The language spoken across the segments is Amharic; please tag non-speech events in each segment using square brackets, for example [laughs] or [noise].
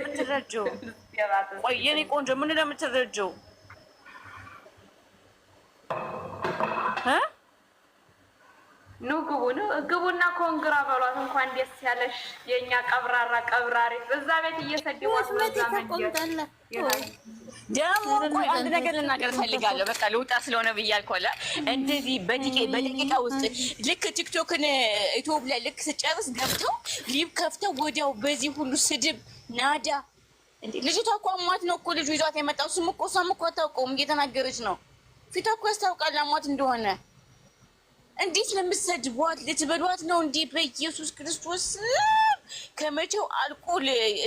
የምትረጀው ቆይ የኔ ቆንጆ ምን ለምትረጀው ኑ ግቡ ግቡና ኮንግራ በሏት። እንኳን ደስ ያለሽ የእኛ ቀብራራ ቀብራሪ። በዛ ቤት እየሰደዋት ደግሞ ቆይ አንድ ነገር ልናገር ፈልጋለሁ። በቃ ልውጣ ስለሆነ ብያልኩ አለ እንደዚህ በደቂቃ ውስጥ ልክ ቲክቶክን ኢትዮፕ ላይ ልክ ስጨርስ ገብተው ሊብ ከፍተው ወዲያው በዚህ ሁሉ ስድብ ናዳ እንዴ! ልጅቷ እኮ አሟት ነው እኮ ልጁ ይዟት የመጣው። እሱም እኮ እሷም እኮ አታውቀውም፣ እየተናገረች ነው። ፊቷ እኮ ያስታውቃል አሟት እንደሆነ። እንዴት ለምትሰድቧት ልትበሏት ነው እንዴ? በኢየሱስ ክርስቶስ ከመቼው አልቆ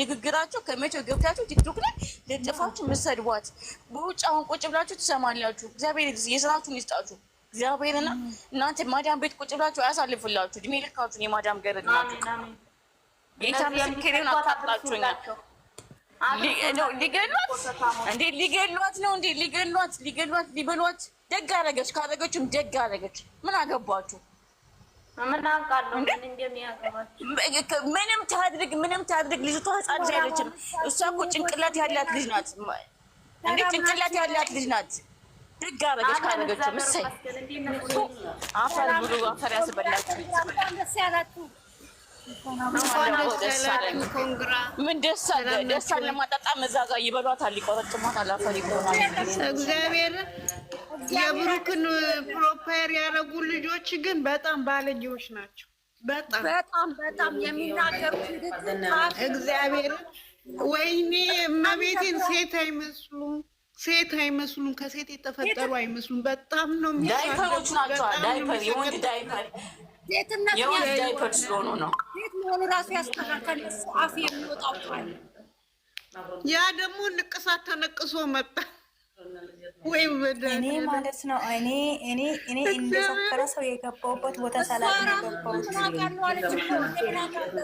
ንግግራቸው ከመቼው ገብታችሁ ቲክቶክ ላይ ልጥፋችሁ የምትሰድቧት? በውጭ አሁን ቁጭ ብላችሁ ትሰማላችሁ። እግዚአብሔር የስራችሁን ይስጣችሁ። እግዚአብሔርና እናንተ ማዳም ቤት ቁጭ ብላችሁ አያሳልፍላችሁ። እድሜ ልካችሁን የማዳም ገረድ ናችሁ። የኢንተርኔት ክሬን አታጣጩኛል። ሊገሏት እንዴ ሊገሏት ነው እንዴ ሊገሏት ሊገሏት ሊበሏት። ደግ አደረገች፣ ካደረገችም ደግ አደረገች። ምን አገባችሁ? ምን አውቃለሁ ምንም ታድርግ ምንም ታድርግ። ልጅቷ ህጻን አይደለችም። እሷ እኮ ጭንቅላት ያላት ልጅ ናት። እንዴ ጭንቅላት ያላት ልጅ ናት። ደግ አደረገች ካደረገችም። እሰይ አፈር ብሉ፣ አፈር ያስበላችሁ። ምን ደስ አለ ደስ አለ ለማጣጣም እዛ ይበሏታል፣ ይቆረጥሟታል፣ አፈር ይሆናል። እግዚአብሔር የብሩክን ፕሮፓየር ያደረጉ ልጆች ግን በጣም ባለጌዎች ናቸው። በጣም በጣም በጣም የሚናገሩት እግዚአብሔር ወይኔ እመቤቴን ሴት አይመስሉም ሴት አይመስሉም። ከሴት የተፈጠሩ አይመስሉም። በጣም ነው ዳይፐሮች ናቸው። ዳይፐር የወንድ ዳይፐር ሴትነት ስለሆኑ ነው። ሴት መሆኑ ራሱ ያስተካከል አፍ የሚወጣው ያ ደግሞ ንቅሳት ተነቅሶ መጣ ወይ እኔ ማለት ነው። እኔ እኔ እኔ እንደሰከረ ሰው የገባውበት ቦታ ሰላም ነው የገባሁት።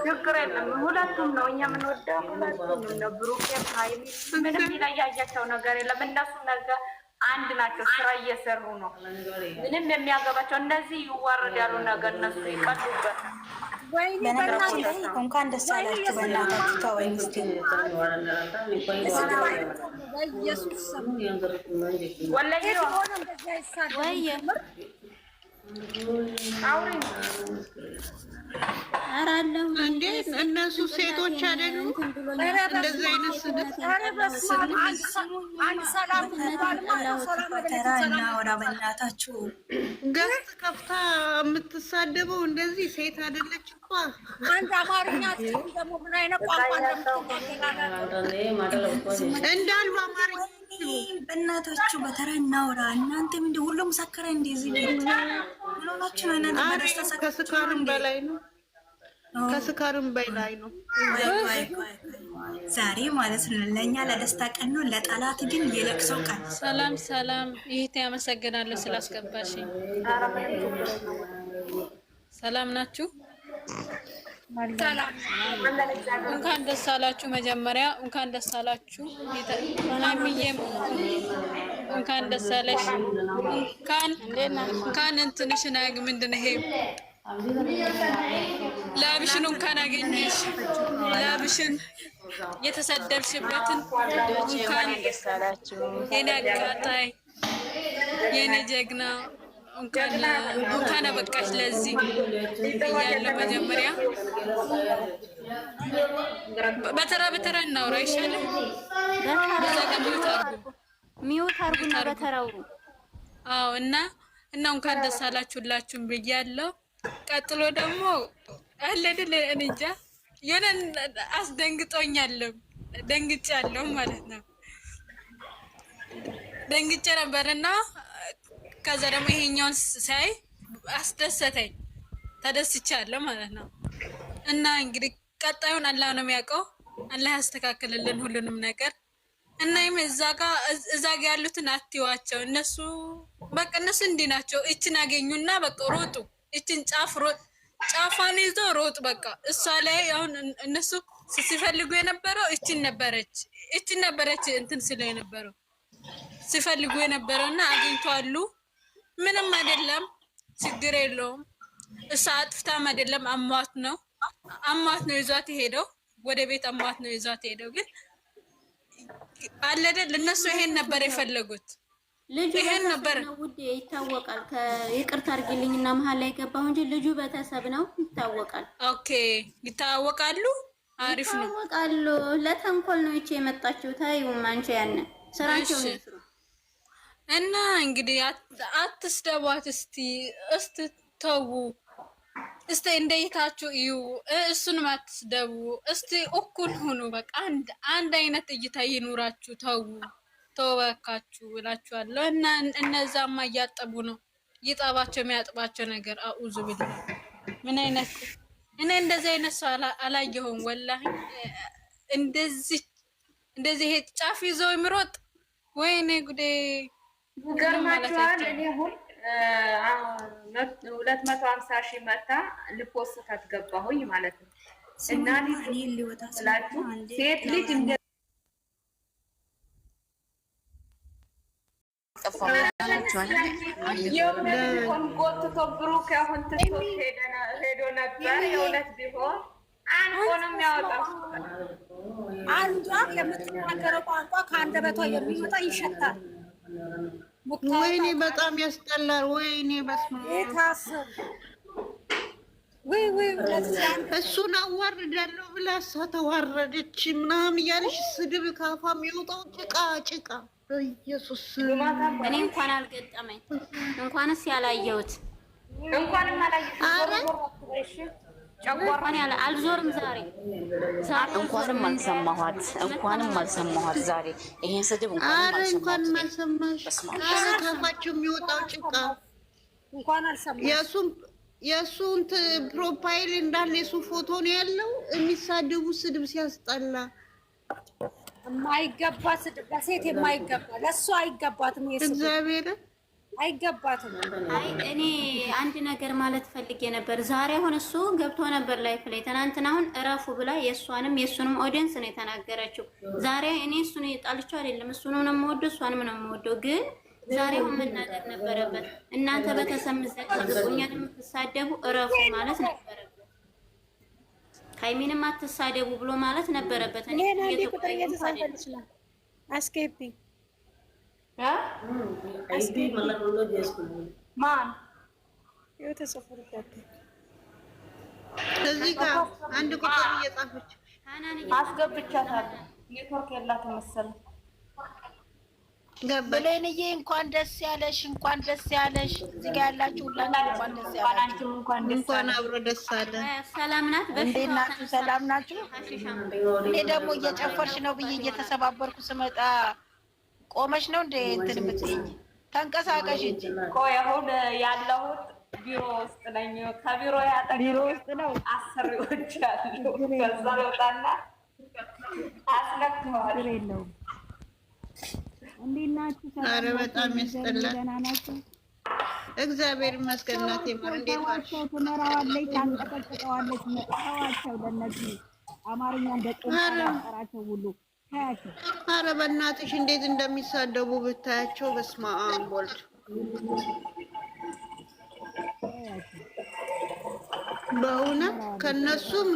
ችግር የለም ሁለቱም ነው እኛ የምንወደው ሁለቱም ነው። ብሩኬ ምንም ይለያያቸው ነገር የለም እነሱ ነገር አንድ ናቸው። ስራ እየሰሩ ነው። ምንም የሚያገባቸው እነዚህ ያሉ ነገር ነሱ ይቀሉበት። እንኳን ደስ አላችሁ። በእናታችሁ ተወኝ እስኪ ወይ እነሱ ሴቶች አይደሉም። እንደዚህ አይነት ስደት ገጽ ከፍታ የምትሳደበው እንደዚህ ሴት አይደለች እኮ። አንድ አማርኛ ደግሞ ምን አይነት ቋንቋ እንዳልባ አማርኛ በእናታችሁ በተራ እናውራ። እናንተም ምንድን ሁሉም ሰከረ እንደዚህ ቤት ከስካርም በላይ ነው፣ ከስካርም በላይ ነው። ዛሬ ማለት ነው ለእኛ ለደስታ ቀን ነው፣ ለጠላት ግን የለቅሶ ቀን። ሰላም ሰላም፣ ይህቴ ያመሰግናለሁ ስላስገባሽኝ። ሰላም ናችሁ? እንኳን ደስ አላችሁ። መጀመሪያ እንኳን ደስ አላችሁ ናሚዬም እንኳን ደስ አለሽ። እንኳን እንኳን እንትንሽን ምንድን ነው ይሄ ላብሽን እንኳን አገኘሽ። ላብሽን የተሰደብሽበትን እንኳን የኔ አቃጣይ የኔ ጀግና እንኳን አበቃሽ ለዚህ ብያለሁ። መጀመሪያ በተራ በተራ እናውራ ይሻላል። ሚውት አርጉና በተራውሩ። አዎ እና እና እንኳን ደስ አላችሁ ሁላችሁም ብያለሁ። ቀጥሎ ደግሞ አለድል እንጃ የሆነ አስደንግጦኛለሁ ደንግጫለሁ ማለት ነው። ደንግጬ ነበርና ከዛ ደግሞ ይሄኛውን ሳይ አስደሰተኝ። ተደስቻለሁ ማለት ነው። እና እንግዲህ ቀጣዩን አላህ ነው የሚያውቀው። አላህ ያስተካክልልን ሁሉንም ነገር እና ይህም እዛ ጋ እዛ ጋ ያሉትን አትዋቸው። እነሱ በቃ እነሱ እንዲህ ናቸው። እችን አገኙና በቃ ሮጡ። እችን ጫፍ ጫፏን ይዞ ሮጡ። በቃ እሷ ላይ አሁን እነሱ ሲፈልጉ የነበረው እችን ነበረች፣ እችን ነበረች እንትን ስለ የነበረው ሲፈልጉ እና አግኝቷሉ። ምንም አይደለም፣ ችግር የለውም። እሷ አጥፍታም አይደለም አሟት ነው አሟት ነው ይዟት የሄደው ወደ ቤት አሟት ነው ይዟት የሄደው። ግን አለደ እነሱ ይሄን ነበር የፈለጉት። ይሄን ነበር ውድ ይታወቃል። ይቅርታ አድርጊልኝ እና መሀል ላይ ገባሁ እንጂ ልጁ በተሰብ ነው ይታወቃል። ኦኬ ይታወቃሉ። አሪፍ ነው ይታወቃሉ። ለተንኮል ነው ይቼ የመጣችው። ታዩም አንቺ ያንን ስራቸው እና እንግዲህ አትስደቧት እስቲ እስት ተዉ እስቲ እንደይታችሁ እዩ። እሱን ማትደቡ እስቲ እኩል ሁኑ። በቃ አንድ አንድ አይነት እይታ ይኑራችሁ። ተዉ ተወካችሁ እላችኋለሁ። እና እነዛማ እያጠቡ ነው ይጠባቸው የሚያጥባቸው ነገር አኡዙ ብል ምን አይነት እኔ እንደዚህ አይነት ሰው አላየሁም። ወላ እንደዚህ እንደዚህ ይሄ ጫፍ ይዘው የሚሮጥ ወይኔ ጉዴ ይገርማችኋል። እኔ ሁን ሁለት መቶ ሀምሳ ሺህ መታ ልፖስታት ገባሁኝ ማለት ነው። እና ላችሁ ሴት ልጅ የሆን ጎትቶ ብሩክ አሁን ትቶ ሄዶ ነበር። የእውነት ቢሆን አንዱንም ያወጣው አንዷ የምትናገረው ቋንቋ ከአንደበቷ የሚወጣ ይሸታል። ወይኔ በጣም ያስጠላል። ወይኔ እሱን አዋርዳለሁ ብላ እሷ ተዋረደች ምናምን እያለሽ ስድብ ካፋ የሚወጣው ጭቃ ጭቃ። በኢየሱስ እኔ እንኳን አልገጠመኝ እንኳንስ ያላየሁት እንኳንም አላየሁት ጨጓራን ያለ አልዞርም። ዛሬ እንኳንም አልሰማኋት እንኳንም አልሰማኋት። ዛሬ ይሄን ስድብ እንኳን አልሰማሁት። ካፋቸው የሚወጣው ጭቃ እንኳን አልሰማሁት። የእሱን ፕሮፋይል እንዳለ የሱ ፎቶ ነው ያለው። የሚሳደቡ ስድብ ሲያስጠላ፣ የማይገባ ስድብ ለሴት የማይገባ ለእሱ አይገባትም እግዚአብሔርን አይገባትም። አይ እኔ አንድ ነገር ማለት ፈልጌ ነበር። ዛሬ አሁን እሱ ገብቶ ነበር ላይፍ ላይ። ትናንትና አሁን እረፉ ብላ የእሷንም የእሱንም ኦዲየንስ ነው የተናገረችው። ዛሬ እኔ እሱን ጣልቼው አይደለም። እሱ ነው የምወደው፣ እሷንም ነው የምወደው ግን ዛሬ ዛሬውን መናገር ነበረበት። እናንተ በተሰምዘኛል የምትሳደቡ እረፉ ማለት ነበረበት። ሃይሚንም አትሳደቡ ብሎ ማለት ነበረበት። እኔ ቁጥር እየተሳፈ ይችላል አስኬፒ ማን ጋር አንድ ቁጥር እየጻፈች አስገብቻታለሁ። ብሌንዬ እንኳን ደስ ያለሽ፣ እንኳን ደስ ያለሽ። እዚህ ጋር ያላችሁ እንኳን አብሮ ደስ አለ። ሰላም እንዴት ናችሁ? ሰላም ናችሁ? እኔ ደግሞ እየጨፈርሽ ነው ብዬ እየተሰባበርኩ ስመጣ ቆመሽ ነው እንደ እንትን የምትይኝ? ተንቀሳቀሽ እንጂ። ቆይ አሁን ያለሁት ቢሮ ውስጥ ነኝ። ከቢሮ ያጠ ቢሮ ውስጥ ነው። አሰሪዎች ያሉ ከዛ ወጣና አስለክተዋል። የለውም እንዴት ናችሁ? ኧረ በጣም ያስጠላል። ደህና ናቸው። እግዚአብሔር ይመስገን። እናቴ ማር እንዴት ዋልሽ? ትመራዋለች፣ ታንቀጠቅጠዋለች። መጣዋቸው ለነዚህ አማርኛ እንደ ጥ ሁሉ አረ በእናትሽ እንዴት እንደሚሳደቡ ብታያቸው። በስመ አብ ወልድ በእውነት ከነሱም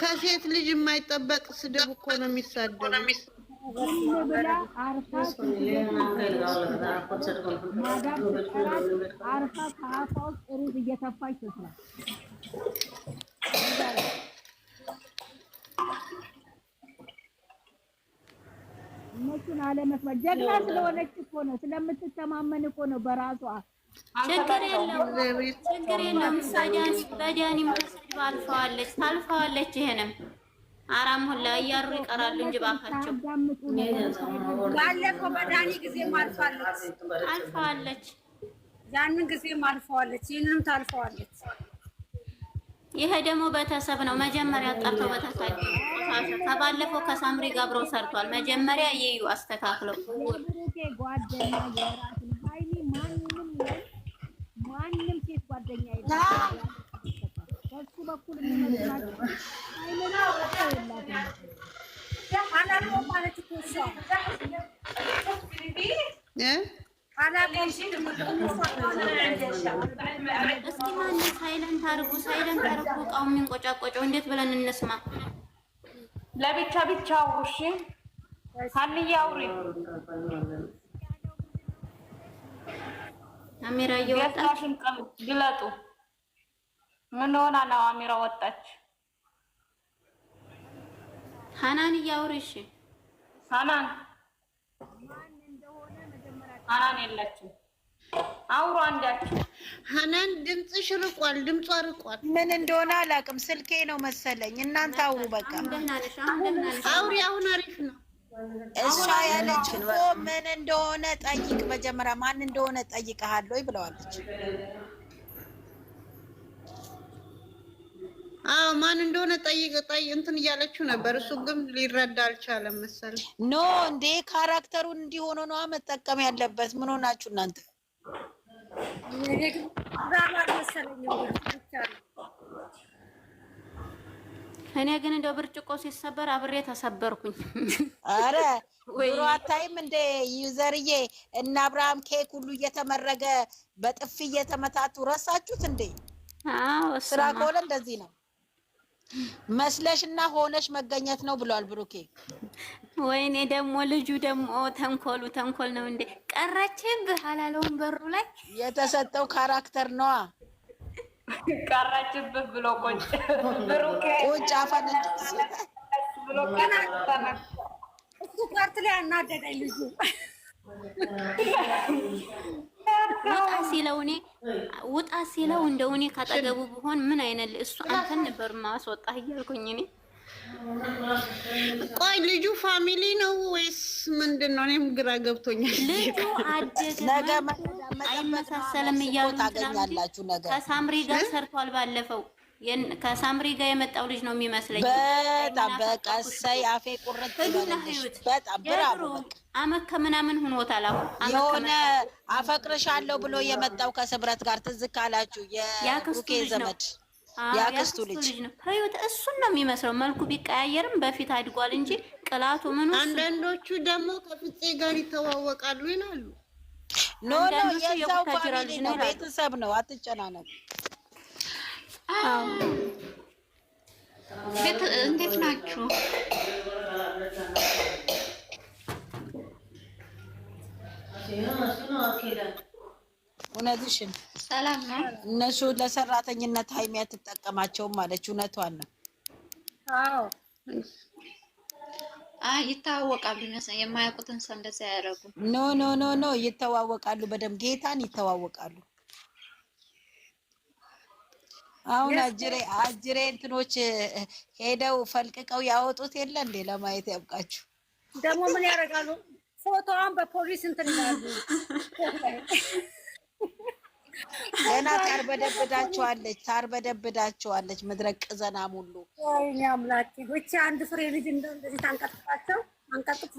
ከሴት ልጅ የማይጠበቅ ስድብ እኮ ነው የሚሳደቡ። አርፋ ከአፋ ውስጥ ሩዝ እየተፋች ነገሮችን አለመስማት። ጀግና ስለሆነች እኮ ነው፣ ስለምትተማመን እኮ ነው በራሷ። ችግር የለውም፣ ችግር የለውም። በዳኒ መስድ አልፈዋለች፣ ታልፈዋለች። ይሄንም አራም ሁላ እያሩ ይቀራሉ እንጂ ባካቸው ባለፈው በዳኒ ጊዜ አልፈዋለች፣ አልፈዋለች፣ ያንን ጊዜም አልፈዋለች፣ ይህንንም ታልፈዋለች። ይሄ ደግሞ ቤተሰብ ነው። መጀመሪያ አጣርተው በተሳይ ከባለፈው ከሳምሪ ጋር ሰርቷል። መጀመሪያ ይዩ አስተካክለው ማንም እስኪ ማን ሳይለንት አድርጉ፣ ሳይለንት አድርጉ። እቃው የሚንቆጫቆጨው እንዴት ብለን እንስማ? ለብቻ ብቻ ውሺ ሀንዬ አውሪ። አሚራ እየወጣች ግለጡ። ምን ሆና ነው አሚራ ወጣች? ሀናን እያውሪ። እሺ ሀናን ሀናን የላችሁ አውሮ አንዳችሁ ሀናን ድምፅሽ ርቋል። ድምጿ ርቋል። ምን እንደሆነ አላውቅም። ስልኬ ነው መሰለኝ። እናንተ አውሩ በቃ አውሪ። አሁን አሪፍ ነው። እሷ ያለች እኮ ምን እንደሆነ ጠይቅ፣ መጀመሪያ ማን እንደሆነ ጠይቀሃለሁ ብለዋለች። ማን እንደሆነ ጠይቅ ጠይ እንትን እያለችው ነበር። እሱ ግን ሊረዳ አልቻለም መሰል ኖ እንዴ ካራክተሩ እንዲሆነ ነዋ መጠቀም ያለበት። ምን ሆናችሁ እናንተ? እኔ ግን እንደው ብርጭቆ ሲሰበር አብሬ ተሰበርኩኝ። አረ ድሮ [laughs] አታይም እንደ ዩዘርዬ እና አብርሃም ኬክ ሁሉ እየተመረገ በጥፊ እየተመታቱ ረሳችሁት እንዴ? ስራ ከሆነ እንደዚህ ነው። መስለሽ እና ሆነሽ መገኘት ነው ብሏል ብሩኬ። ወይኔ ደግሞ ልጁ ደግሞ ተንኮሉ ተንኮል ነው እንዴ! ቀረችን ብህላለውን በሩ ላይ የተሰጠው ካራክተር ነዋ። ቀረችብህ ብሎ ቁጭ ቁጭ አፈነጭ ብሎ ቀናት ላይ አናደደኝ ልጁ ውጣ ሲለው እኔ ውጣ ሲለው እንደው እኔ ካጠገቡ ብሆን ምን አይነት እሱ አንተን ነበር ማስወጣ እያልኩኝ እኔ ቆይ ልጁ ፋሚሊ ነው ወይስ ምንድን ነው? እኔም ግራ ገብቶኛል። ልጁ አደገ አይመሳሰልም እያሉ ከሳምሪ ጋር ሰርቷል ባለፈው ከሳምሪ ጋር የመጣው ልጅ ነው የሚመስለኝ። በጣም በቃ እሰይ፣ አፌ ቁርጥ ይበልልሽ። በጣም ብራቦ። አመት ከምናምን ሁኖታል። አሁን የሆነ አፈቅርሻለሁ ብሎ የመጣው ከስብረት ጋር ትዝ ካላችሁ የሩኬ ዘመድ ያክስቱ ልጅ ነው። ህይወት እሱን ነው የሚመስለው። መልኩ ቢቀያየርም በፊት አድጓል እንጂ ቅላቱ ምኑ። አንዳንዶቹ ደግሞ ከፍፄ ጋር ይተዋወቃሉ ይላሉ። ኖ ኖ፣ የዛው ፋሚሊ ነው፣ ቤተሰብ ነው። አትጨናነቁ። እንዴት ናችሁ? እውነትሽን ሰላም ነው። እነሱ ለሰራተኝነት ሀይሚ አትጠቀማቸውም ማለች፣ እውነቷን ነው። አዎ አይ ይተዋወቃሉ። የማያውቁትን ሰው እንደዚያ ያደረጉ ኖ ኖ ኖ ኖ ይተዋወቃሉ። በደምብ ጌታን ይተዋወቃሉ። አሁን አጅሬ አጅሬ እንትኖች ሄደው ፈልቅቀው ያወጡት የለ እንዴ? ለማየት ያብቃችሁ። ደግሞ ምን ያደርጋሉ? ፎቶዋን በፖሊስ እንትን ይላሉ። ገና ታርበደብዳችኋለች፣ ታርበደብዳቸዋለች። ምድረ ቅዘናም ሁሉ አምላኬ አንድ ፍሬ ልጅ እንደው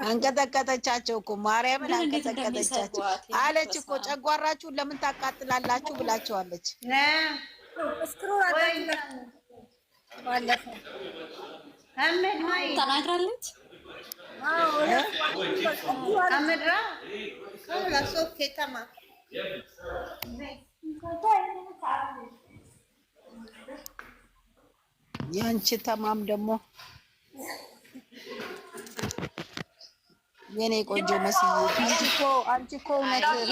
አንቀጠቀጠቻቸው እኮ ማርያምን አንቀጠቀጠቻቸው አለች እኮ ጨጓራችሁን ለምን ታቃጥላላችሁ ብላቸዋለች። ተናግራለች። የአንቺ ተማም ደግሞ የኔ ቆንጆ መስዬ አንቺ እኮ አንቺ እኮ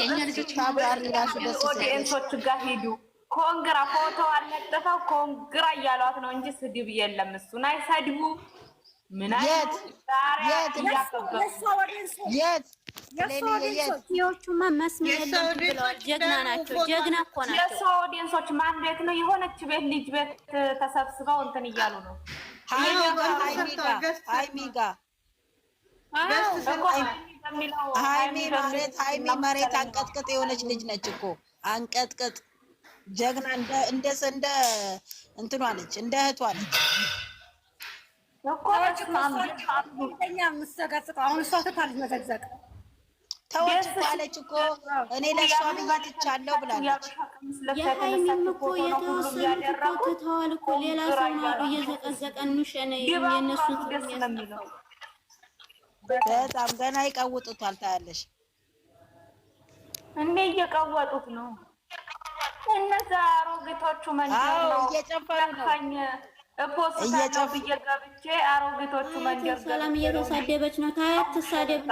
እውነት ታብራሪ እራሱ ደስ ሲል ኦዲየንሶች ጋር ሂዱ ኮንግራ ፎቶ አልለጠፈው ኮንግራ እያሏት ነው እንጂ ስድብ የለም። እሱን አይሰድቡ ምን ጀግና ናቸው፣ ጀግና እኮ ማን ቤት ነው? የሆነች ቤት ልጅ ቤት ተሰብስበው እንትን እያሉ ነው መሬት አንቀጥቅጥ የሆነች ልጅ ነች እኮ አንቀጥቅጥ ጀግና እንደ እንደ እንትኗ ነች፣ እንደ እህቷ ነች እኮ ተወች ባለች እኮ እኔ ለሷ ብዬ ትቻለሁ ብላለች። የሀይሚም እኮ የተወሰኑት እኮ ትተዋል እኮ ሌላ ሰው ነው በጣም ገና ይቀውጡታል ታያለሽ። እየቀወጡት ነው እነዛ አሮጌቶቹ መንገድ ነው እየተሳደበች ነው። ታያት ትሳደብ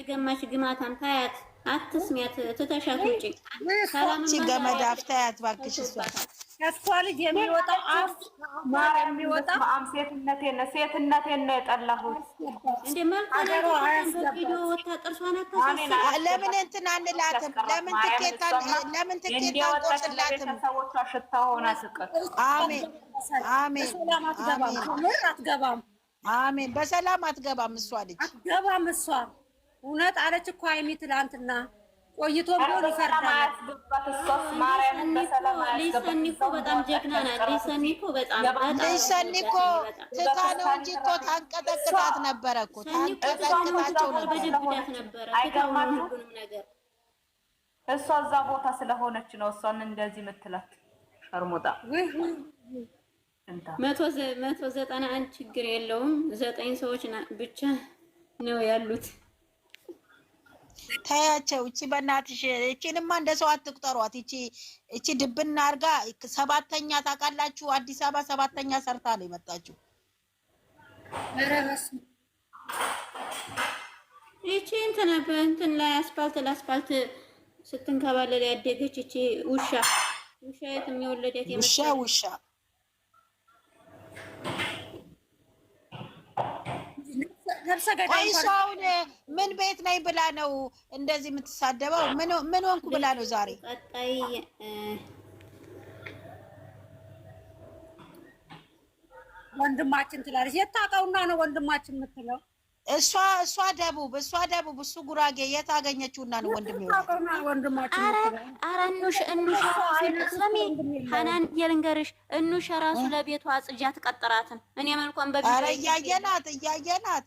የገማች ግማታም ታያት አትስሚያት፣ ትተሻት ውጪ። ሰላም ገመድ አፍታያት እባክሽ እሷ ከእሷ ልጅ የሚወጣው የሚወጣው ሴትነቴን ሴትነቴን ነው የጠላሁት። እንደ መልካም ጥርሷን ለምን እንትን አንላትም? ለምን ትኬት ለምን ትኬት አንቆርጥላትም? ሰዎቿ ሽታ ሆና ስቅር። አሜን አሜን። ምር አትገባም። አሜን። በሰላም አትገባም። እሷ ልጅ አትገባም። እሷ እውነት አለች እኮ አይሚ ትላንትና ቆይቶ ቢሆን ይፈርዳል። ሊሰኒ እኮ ትታ ነው እንጂ እኮ ታንቀጠቅጣት ነበረ እኮ ታንቀጠቅጣቸው ነበረ። አይገርማችሁም ነገር እሷ እዛ ቦታ ስለሆነች ነው እሷን እንደዚህ የምትላት ሸርሙጣ። መቶ ዘጠና አንድ ችግር የለውም። ዘጠኝ ሰዎች ብቻ ነው ያሉት። ታያቸው እቺ በእናትሽ እቺንማ እንደ ሰው አትቁጠሯት። እቺ እቺ ድብና አርጋ ሰባተኛ ታውቃላችሁ፣ አዲስ አበባ ሰባተኛ ሰርታ ነው የመጣችው። እቺ እንትን እንትን ላይ አስፋልት ለአስፋልት ስትንከባለል ያደገች እቺ ውሻ ውሻ የትም የወለደት ውሻ ውሻ ሰውን ምን ቤት ነኝ ብላ ነው እንደዚህ የምትሳደበው? ምን ሆንኩ ብላ ነው ዛሬ ወንድማችን ትላለች። የታውቀውና ነው ወንድማችን የምትለው እሷ እሷ ደቡብ እሷ ደቡብ እሱ ጉራጌ የት አገኘችውና ነው ወንድም ሀናን የልንገርሽ እኑሽ ራሱ ለቤቷ አጽጃ ትቀጥራትም እኔ መልኳን በቢ እያየናት እያየናት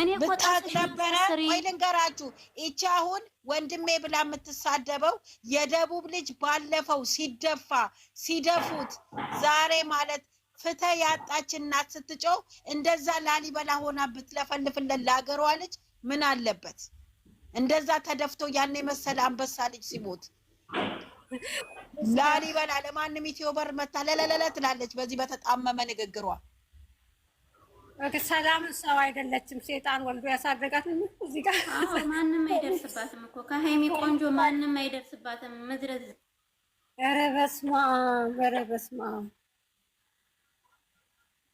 እኔ ብታቅ ነበረ ወይ ልንገራችሁ ይቺ አሁን ወንድሜ ብላ የምትሳደበው የደቡብ ልጅ ባለፈው ሲደፋ ሲደፉት ዛሬ ማለት ፍትህ ያጣች እናት ስትጮው እንደዛ ላሊበላ ሆና ብትለፈልፍለት ለሀገሯ ልጅ ምን አለበት? እንደዛ ተደፍቶ ያን የመሰለ አንበሳ ልጅ ሲሞት ላሊበላ ለማንም ኢትዮበር መታ ለለለለ ትላለች። በዚህ በተጣመመ ንግግሯ ሰላም ሰው አይደለችም፣ ሴጣን ወልዶ ያሳደጋት። እዚህ ጋር ማንም አይደርስባትም እኮ ከሀይሚ ቆንጆ ማንም አይደርስባትም። ምድረ ረበስማ ረበስማ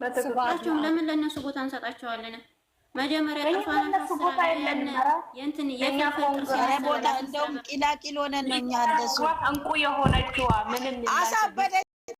እሳቸውም ለምን ለእነሱ ቦታ እንሰጣቸዋለን? መጀመሪያ ጥፋን አሳስራለን። የንትን የፍቅር ቦታ እንደውም ቂላቂል ሆነን እኛ እንደሱ እንቁ የሆነችዋ ምንም አሳበደ